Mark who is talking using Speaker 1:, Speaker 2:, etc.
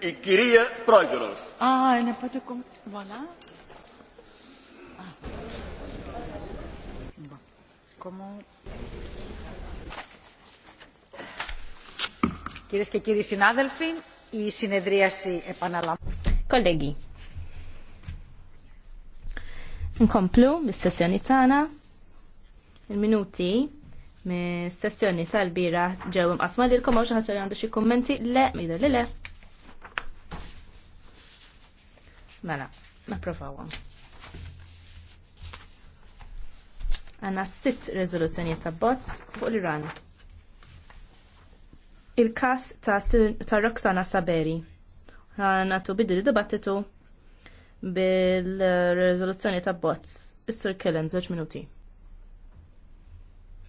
Speaker 1: Il-kirija Projdoros.
Speaker 2: Ah, e ne kom, voilà. Comment...
Speaker 3: Κυρίες και κύριοι συνάδελφοι, η συνεδρίαση επαναλαμβάνει. Κολέγοι.
Speaker 4: Nkomplu bis-sessjoni tana, Il-minuti mis-sessjoni tal-bira ġew asma li l-komoġa ħaġa għandu xi kummenti le, mejda li le. Mela, naprovawhom. Għanna sitt rezoluzjoni ta' bots fuq l-Iran. Il-kas ta', ta Roxana Saberi. Għanna tu biddi dibattitu bil rezoluzjoni ta' bots. is sur Kellen, zoċ minuti.